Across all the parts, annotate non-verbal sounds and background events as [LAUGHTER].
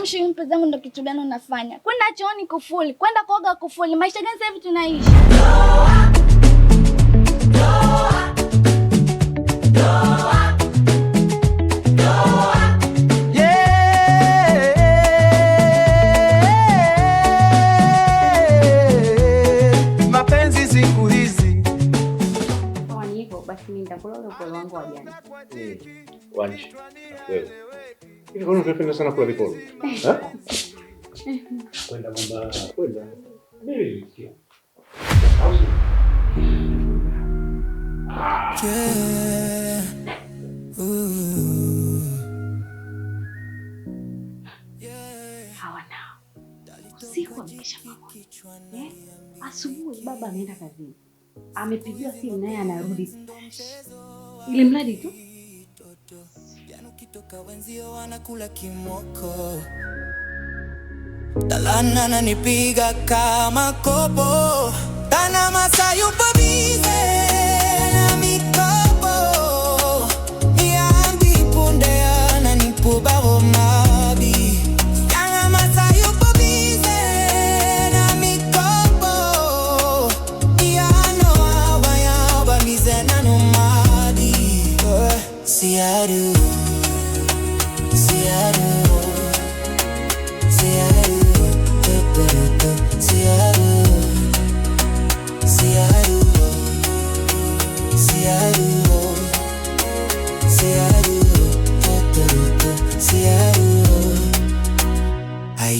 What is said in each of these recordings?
amshi mpenzi zangu ndo kitu gani unafanya? Kwenda chooni kufuli, kwenda kuoga kufuli. Maisha gani sasa hivi tunaishi? napenda sana kula viporo. Asubuhi baba ameenda kazini, amepigiwa simu naye anarudi, ili mradi tu Nikitoka wenzio wanakula kimoko, talana nanipiga kama kopo, Tana masa yupo bize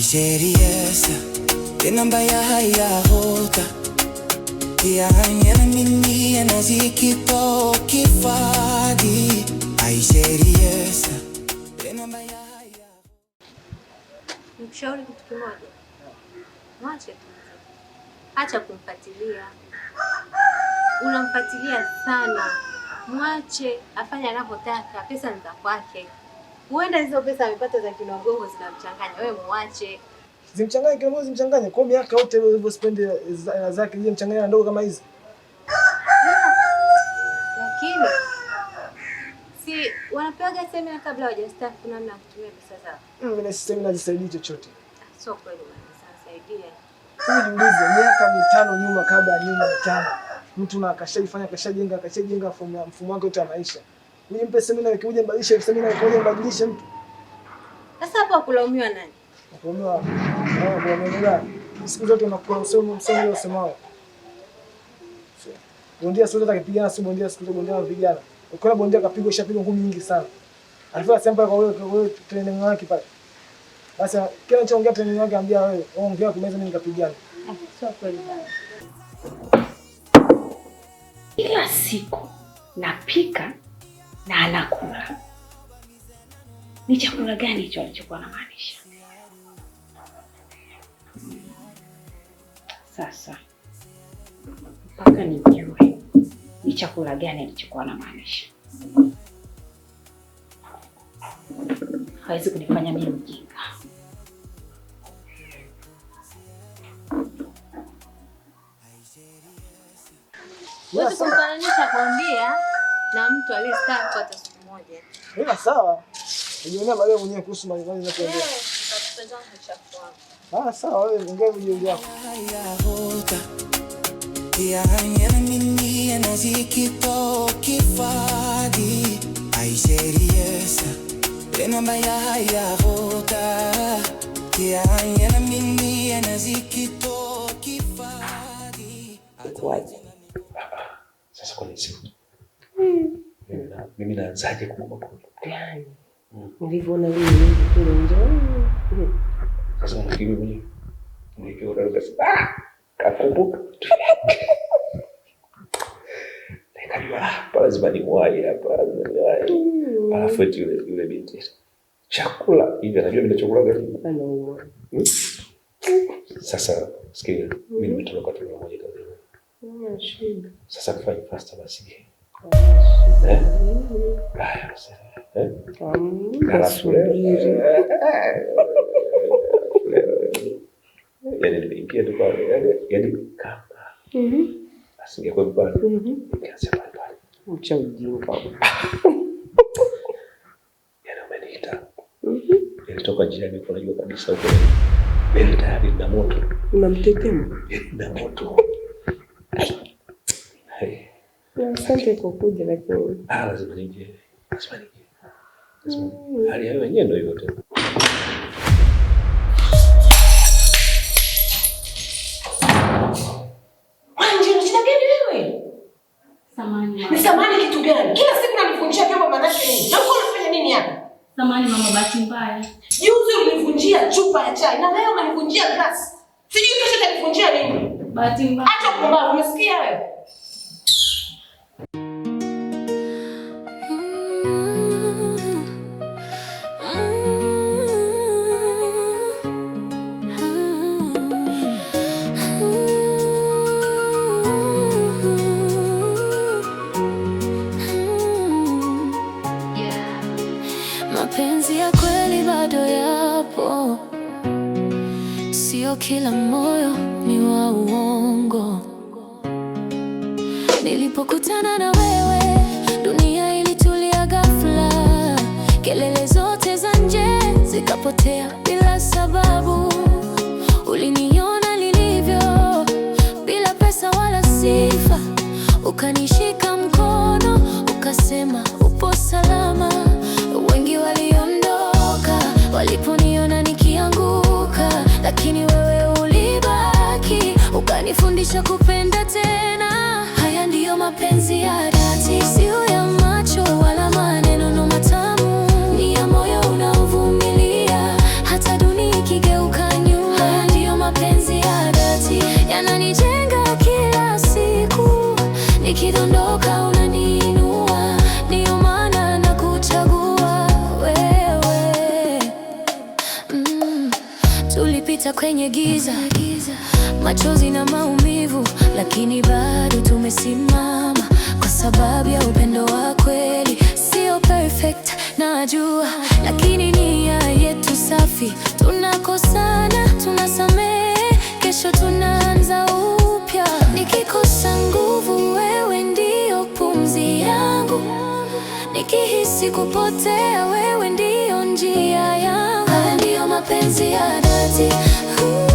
Nigeriyəsə Yenambaya ya hota Yana mimi ziki to kifadi Nigeriyəsə kitu kimoja Mwache tu Acha kumfuatilia Unamfuatilia sana Mwache afanye anavyotaka pesa ni za kwake Huenda hizo pesa amepata za Kinongoho zinamchanganya, wewe muache. Zimchanganye Kinongoho, zimchanganye kwa miaka yote hivyo spend eh, eh, zake zile mchanganya ndogo kama hizi. Lakini si wanapewaga semina kabla hawajastaafu namna ya kutumia pesa zao. Mm, mimi mm, na semina zisaidii chochote. Sio kweli bwana, sasaidia. Ujiulize miaka mitano nyuma, kabla ya nyuma mitano, mtu na akashaifanya akashajenga akashajenga mfumo wake wote wa maisha nimpe semina wiki moja nibadilishe, semina wiki moja nibadilishe mtu. Sasa hapo akulaumiwa nani? Akulaumiwa kwa nini bwana. Siku zote unakuwa usemo usemo ile usemao. Bondia sio ndio akipigana, sio bondia siku zote bondia vijana. Ukiona bondia kapigwa ishapigwa ngumi nyingi sana. Alifika sehemu kwa wewe wewe training yake pale. Sasa kila ninachoongea training yake ambia wewe, wewe ongea kumeza mimi nikapigana. Ah, sio kweli Kila siku napika na anakula. Ni chakula gani hicho alichokuwa anamaanisha? Sasa mpaka nijue ni chakula gani alichokuwa anamaanisha. Hawezi kunifanya mimi mjinga. Wewe kumfananisha kwambia na mtu aliyestaafu hata siku moja. Ila sawa, nijionea baadaye mwenyewe kuhusu malimani eh, nakuongea. Ah, sawa, wewe ongea vijili yako yanaaminia na zikito kifadi aiseriesa tena maya ya vota yanaaminia na zikito kifadi mimi naanzaje kuomba kule? Yaani, hmm. nilivyoona hivi kule njoo sasa, nikiri mimi nikiona nikasema ah, kakumbuka nikajua [LAUGHS] ah, hapa lazima niwahi hapa, lazima niwahi. Mm. Alafu eti yule yule binti chakula hivi, anajua mimi chakula gani? Anauma. Hmm? Sasa sikia, mimi mm-hmm. nimetoka kwa tendo kazini. Sasa tufanye pasta basi. Yani niliingia tu pale, yani kama asingekuwa pale, ningeanza pale pale. Ucha ujinga. Yani umeniita. Nilitoka njiani kwa najua kabisa huko. Beli tayari na moto. Unamtetema? Na moto. Asante kwa kuja lakini. Ah, lazima nije. Lazima nije. Hali ya wenyewe ndio hivyo tu. Ni samani kitu gani? Kila siku nanifundisha jambo maanake nini? Na uko unafanya nini hapa? Samani mama, bahati mbaya. Juzi ulinivunjia chupa ya chai na leo unanivunjia glasi. Sijui kesho utanivunjia nini? Bahati mbaya. Acha kumba, umesikia wewe? 嗯。sababu uliniona nilivyo bila pesa wala sifa, ukanishika mkono ukasema upo salama. Wengi waliondoka waliponiona nikianguka, lakini wewe ulibaki ukanifundisha kupenda tena. Haya ndiyo mapenzi ya hata kwenye giza, machozi na maumivu, lakini bado tumesimama kwa sababu ya upendo wa kweli. Sio perfect najua, lakini nia yetu safi. Tunakosana, tunasamehe, kesho tunaanza upya. Nikikosa nguvu, wewe ndiyo pumzi yangu, nikihisi kupotea, wewe ndiyo njia yangu. Haya ndiyo mapenzi ya dhati. Ooh.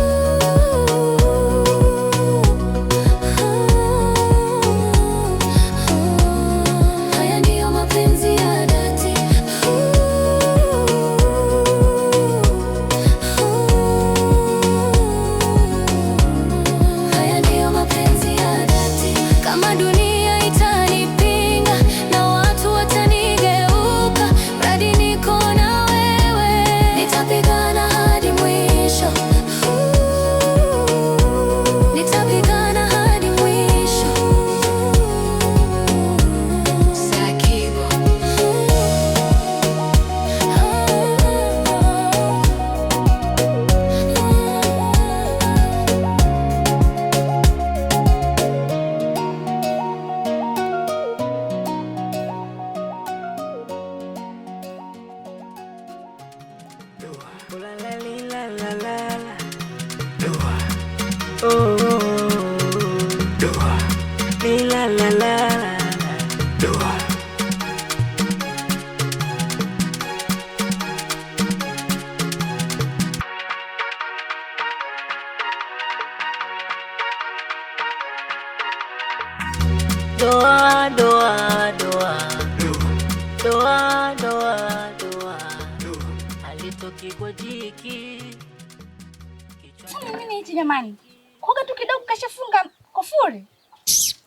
Kufuri,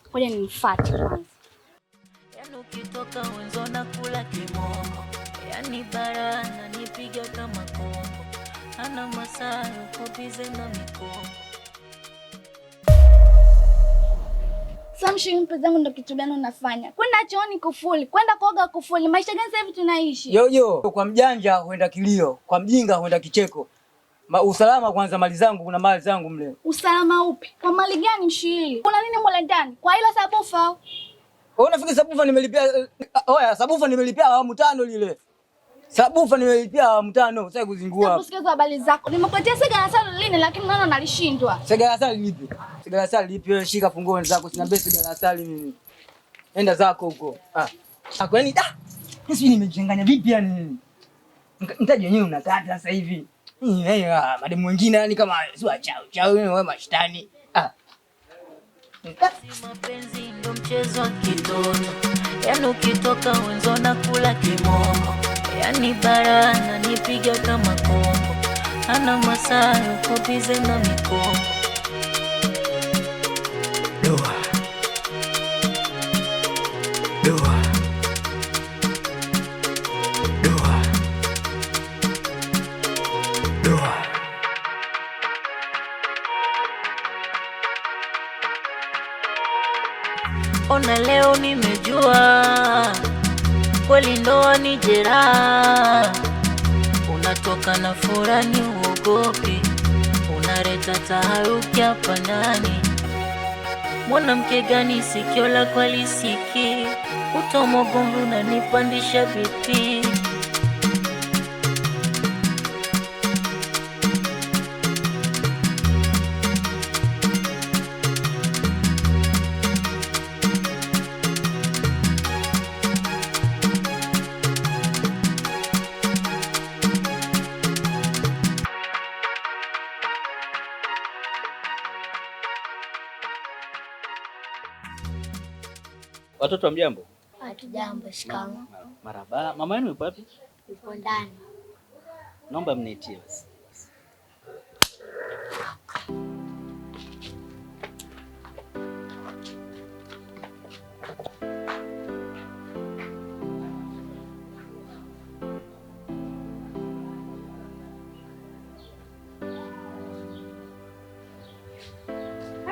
ngoja nimfuate kwanza. Yani ukitoka wenzo na kula kimongo, yani bara ananipiga kama kongo, ana masaa kubize na mikongo. Samshi, mpenzi wangu, ndo kitu gani unafanya? Kwenda chooni kufuli, kwenda kuoga kufuli. Maisha gani sasa hivi tunaishi? Yoyo, kwa mjanja huenda kilio, kwa mjinga huenda kicheko. Ma, usalama kwanza, mali zangu, kuna mali zangu mle. Usalama upi? Kwa mali gani nchi hii? Kuna nini mule ndani? Kwa ile sabufa Wewe unafikiri sabufa nimelipia? Eh, oya, sabufa nimelipia awamu tano lile. Sabufa nimelipia awamu tano, sasa kuzingua. Sasa Nakusikiza habari zako. Nimekuletea sega la sala lini lakini naona nalishindwa. Sega la sala lipi? Sega la sala lipi? Wewe shika funguo zako, sina besa sega la sala mimi. Enda zako huko. Ah. Akweni ah, da. Ah, Sisi nimejenganya vipi yani? Mtaji wenyewe unakata sasa hivi. Ah, mademu wengine yani kama si chao chao wewe mashtani. Ah, mapenzi ndio mchezo wa kitoto, yani ukitoka wenzo na kula kimomo, yani barana nipiga kama kombo, ana masaa yuko na mikombo leo nimejua kweli ndoa ni jeraha. Unatoka na furani uogopi, unareta taharuki hapa ndani. Mwanamke gani sikio lako halisikii? Utomogondu unanipandisha vipii Watoto wa mjambo? Hatujambo. Shikamoo. Marhaba. Mama yenu yupo wapi? Yupo ndani. Naomba mniitie basi.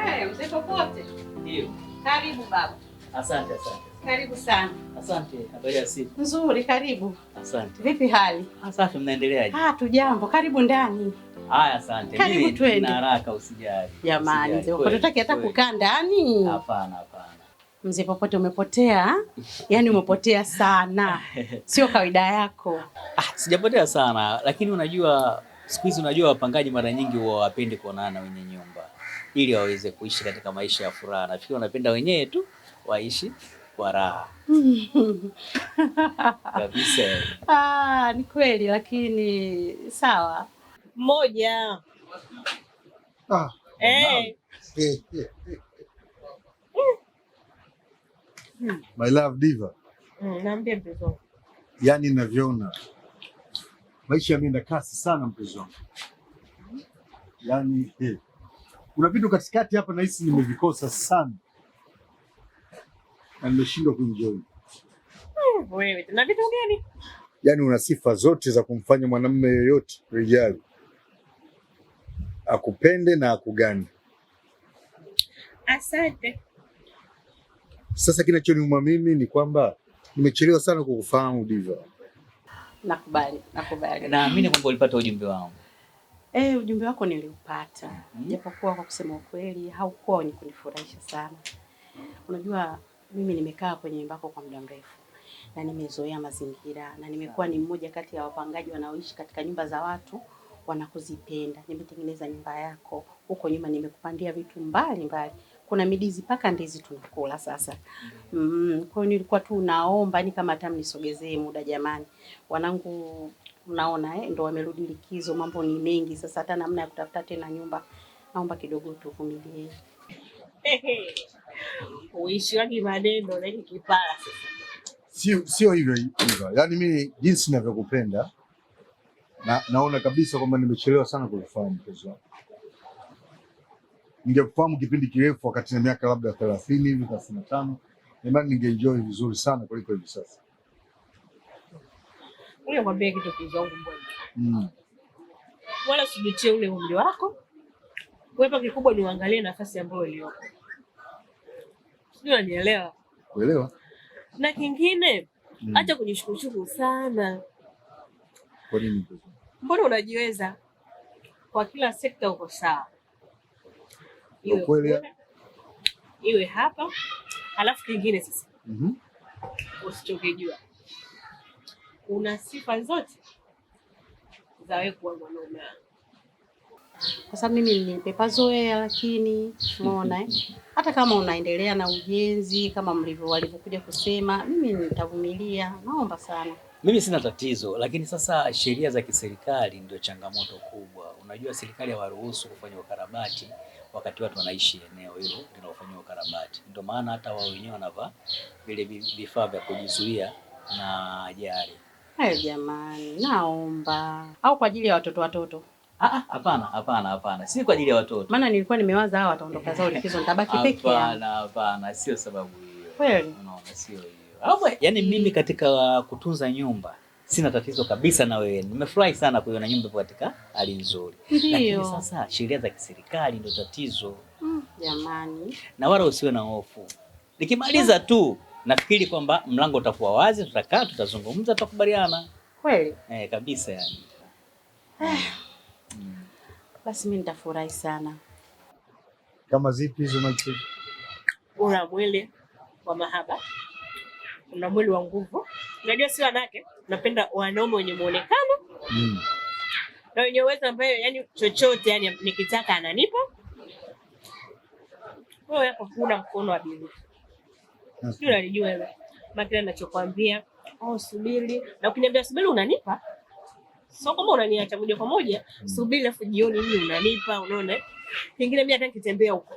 Hey, mzee popote. Ndio. Karibu baba. Asante, asante. Karibu sana. Asante. Habari ya siku? Nzuri, karibu. Asante. Vipi hali? Asante, mnaendeleaje? Ah, tujambo. Karibu ndani. Haya, asante. Karibu twende. Nina haraka usijali. Jamani, ndio hata kukaa ndani. Hapana, hapana. Mzee Popote umepotea, [LAUGHS] yaani umepotea sana, [LAUGHS] sio kawaida yako. Ah, sijapotea sana lakini, unajua siku hizi, unajua wapangaji mara nyingi huwa wapendi kuonana wenye nyumba ili waweze kuishi katika maisha ya furaha. Nafikiri wanapenda wenyewe tu waishi kwa raha [LAUGHS] kabisa. Ah, ni kweli, lakini sawa moja ah, hey. Eh. Eh, hey, eh, hey, hey. Mm. My love Diva, Mm, naambia mpenzi wangu, yaani ninavyoona maisha yameenda kasi sana mpenzi wangu, yaani hey. Kuna vitu katikati hapa nahisi nimevikosa sana na nimeshindwa kuenjoy. Wewe tuna vitu gani? Yaani una sifa zote za kumfanya mwanamume yoyote rijali akupende na akugani. Asante. Sasa kinachoniuma mimi ni kwamba nimechelewa sana kukufahamu Diva. Nakubali, nakubali. Naamini kwamba ulipata ujumbe wangu. Eh, ujumbe wako niliupata, mhm. japokuwa mm -hmm. kwa kusema ukweli haukuwa wenye kunifurahisha sana. Unajua mimi nimekaa kwenye mbako kwa muda mrefu na nimezoea mazingira na nimekuwa ni mmoja kati ya wapangaji wanaoishi katika nyumba za watu wanakuzipenda. Nimetengeneza nyumba yako huko nyuma, nimekupandia vitu mbali mbali, kuna midizi mpaka ndizi tunakula sasa. Mm, kwa hiyo nilikuwa tu naomba ni kama hata mnisogezee muda jamani, wanangu unaona eh, ndo wamerudi likizo, mambo ni mengi sasa, hata namna ya kutafuta tena nyumba, naomba kidogo tuvumilie uishiwa kimaneno na kipara sio sio hivyo hivyo. Yaani mimi jinsi ninavyokupenda na, naona kabisa kwamba nimechelewa sana kukufahamu mpenzi wangu. Ningekufahamu kipindi kirefu, wakati na miaka labda 30 hivi na 35, imani ningeenjoy vizuri sana kuliko hivi sasa. Ule mwambie kitu kizungu mbona. Mm. Wala usijitie ule umri wako. Wewe kikubwa ni uangalie nafasi ambayo iliyopo sijui unanielewa. Kuelewa. Na kingine mm. Acha sana. Kwa nini? Mbona unajiweza kwa kila sekta, uko sawa, iwe kule iwe hapa. Alafu kingine sasa mm -hmm. Usichokijua una sifa zote za wewe kuwa mwanaume wangu kwa sababu mimi nimepazoea, lakini umeona eh? hata kama unaendelea na ujenzi kama mlivyo walivyokuja kusema, mimi nitavumilia. Naomba sana, mimi sina tatizo, lakini sasa sheria za kiserikali ndio changamoto kubwa. Unajua, serikali hawaruhusu kufanya ukarabati wakati watu wanaishi eneo hilo linalofanyiwa ukarabati. Ndio maana hata wao wenyewe wanavaa vile vifaa vya kujizuia na ajali. Hayo jamani, naomba au kwa ajili ya watoto watoto Ah, ah, hapana, hapana, hapana, si kwa ajili ya watoto. Maana nilikuwa nimewaza hawa wataondoka zao likizo, nitabaki peke yangu. Hapana, hapana, sio sababu hiyo. Kweli? Unaona, sio hiyo. Alafu yani mimi katika uh, kutunza nyumba sina tatizo kabisa na wewe. Nimefurahi sana kuiona nyumba ipo katika hali nzuri, lakini sasa sheria za kiserikali ndio tatizo mm, jamani. Mm, na wala usiwe na hofu, nikimaliza yeah, mm. tu nafikiri kwamba mlango utakuwa wazi, tutakaa, tutazungumza, tutakubaliana. Kweli? Eh, kabisa yani. Ah basi mimi nitafurahi sana. Kama zipi hizo? Una mwili wa mahaba, una mwili wa nguvu. Unajua si wanawake napenda wanaume wenye muonekano mm. na wenye uwezo ambayo, yani chochote, yani nikitaka ananipa. Wewe yako kuna mkono wa bibi, sio? Unalijua wewe, maana nachokwambia. Oh, subiri, na ukiniambia subiri unanipa So kama unaniacha moja kwa moja, mm. subiri alafu jioni mimi unanipa, unaona? Pengine mimi hata nikitembea huko.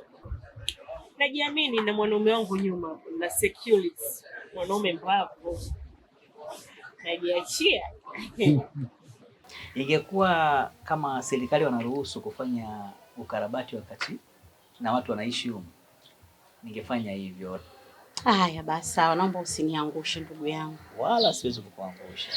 Najiamini na mwanaume wangu nyuma na security. Mwanaume mbavu. Najiachia. [LAUGHS] Ingekuwa kama serikali wanaruhusu kufanya ukarabati wakati na watu wanaishi huko, ningefanya hivyo. Haya basi, sawa, naomba usiniangushe ndugu yangu. Wala siwezi kukuangusha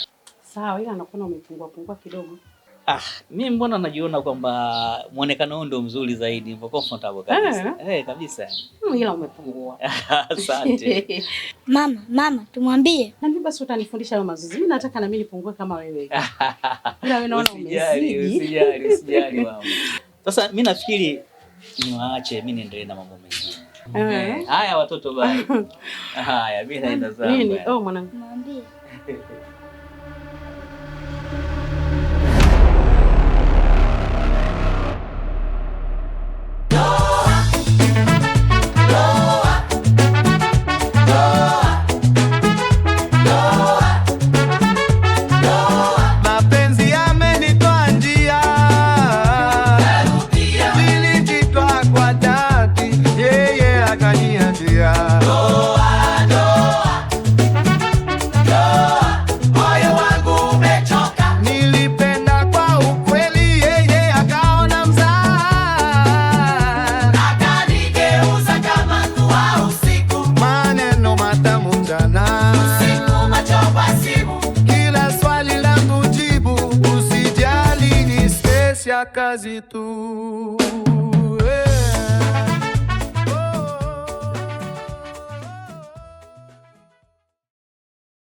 sawa, ila anakuona umepungua pungua kidogo. Ah, mimi mbona najiona kwamba mwonekano huu ndio mzuri zaidi, niko comfortable eh. kabisa. Eh, hey, kabisa. Hmm, ila umepungua. [LAUGHS] Asante. [LAUGHS] Mama, mama, tumwambie. Na mimi basi utanifundisha hayo mazoezi. Mimi nataka na mimi nipungue kama wewe. Ila wewe naona [LAUGHS] umezidi. Usijali, usijali mama. Sasa mimi nafikiri niwaache mimi niendelee na mambo mengine. Eh. Eh, haya watoto bali. Haya, mimi naenda zangu. Mimi, Oh mwanangu. Mwambie. yeah.